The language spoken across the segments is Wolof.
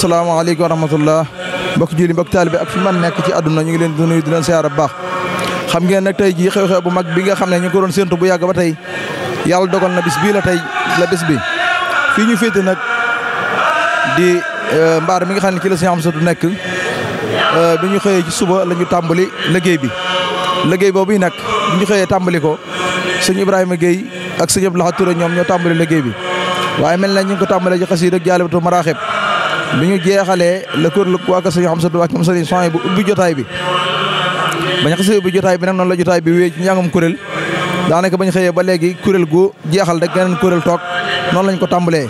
asalaamaaleykum wa rahmatullah mbokk julli mbokk taalibe ak fi man nekk ci àdduna ñu ngi leen di nuyu di leen siyaar bu baax xam ngeen nag tey jii xew-xew bu mag bi nga xam ne ñu ngi ko doon séntu bu yàgg ba tey yàlla dogal na bis bii la tey la bis bi fii ñu féete nag di euh, mbaar mi nga xam ne ci la Sëñ du nekk euh, bi ñu xëyee ci suba la ñu tàmbali liggéey bi liggéey boobu nag bi ñu xëyee tàmbali ko sëñ Ibrahima Guèye ak sëñ Abdou Lahad Touré ñoom ñoo tàmbali liggéey bi waaye mel na ñu ngi ko tàmbalee ci xasiida ak jaalibatu maraaxib bi ñu jeexalee la kër lu waa kër sëñ Amsatu ak ñoom sëriñ Soñ bu ubbi jotaay bi bañ xasee ubbi jotaay bi nag noonu la jotaay bi wéy ci njàngum kuréel daanaka bañ xëyee ba léegi kuréel gu jeexal rek geneen kuréel toog noonu lañ ko tàmbalee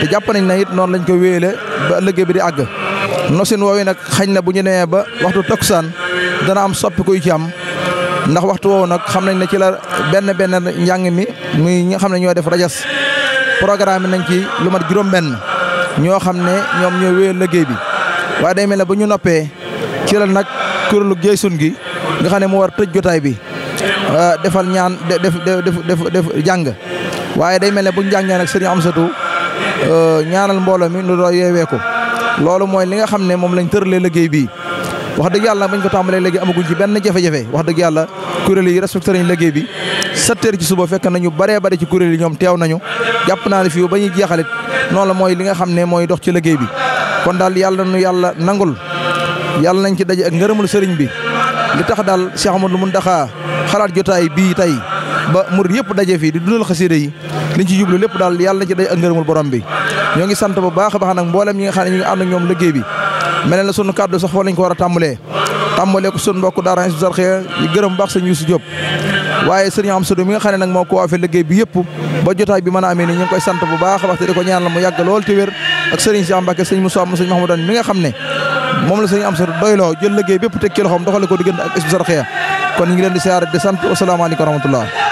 te jàpp nañ na it noonu lañ ko wéyale ba liggéey bi di àgg nosin woowu nag xañ na bu ñu nee ba waxtu toksaan dana am soppi kuy ci am ndax waxtu woowu nag xam nañ ne ci la benn benn njàng mi muy ñi xam ne ñoo def rajas programme nañ ci lu mat juróom ñoo xam ne ñoom ñoo wéyal liggéey bi waaye day mel ne bu ñu noppee ci la nag kuréelu suñ gi nga xam ne moo war tëj jotaay bi euh, defal ñaan def def def def jàng waaye day mel ne bu ñu jàngee nag sëriñ Amsatu euh, ñaanal mbooloo mi nu doo yeewee ko loolu mooy li nga xam ne moom lañ tëralee liggéey bi wax dëgg yàlla bañ ko tàmbalee léegi amaguñ ci benn jafe-jafe wax dëgg yàlla kuréel yi respecté nañ liggéey bi sept heures ci suba fekk nañu baree bari ci kuréel yi ñoom teew nañu jàpp naa ne fii ba ñuy jeexalit noonu la mooy li nga xam ne mooy dox ci liggéey bi kon daal yàlla nu yàlla nangul yàlla nañ ci daje ak ngërëmul sëriñ bi li tax daal Cheikh Amadou daxaa xalaat jotaay bii tey ba murid yëpp daje fii di dundal xasida yi liñ ci jublu lépp daal yàlla na ci ak ngërëmul borom bi ñoo ngi sant bu baax a baax nag mboolem ñi nga xam ne ñu ngi ànd ak liggéey bi mel na sunu kàddu sax foo lañ ko war a tàmbalee tàmbalee ko sunu mbokk daara Hizbut Tarqiyyah yi gërëm baax sëñ Youssou Diop waaye sëriñ am sado mi nga xam ne nag moo ko waafee liggéey bi yëpp ba jotaay bi mën a amee ni ñu koy sant bu baax wax te di ko ñaanal mu yàgg lool te wér ak sëriñ si Mbacke sëñ Moussa mu sëñ Mahmoudane mi nga xam ne moom la sëriñ am sado doyloo jël liggéey bépp teg ci loxoom doxale ko diggante ak Hizbut Tarqiyyah kon ñu ngi leen di sant wasalaamaaleykum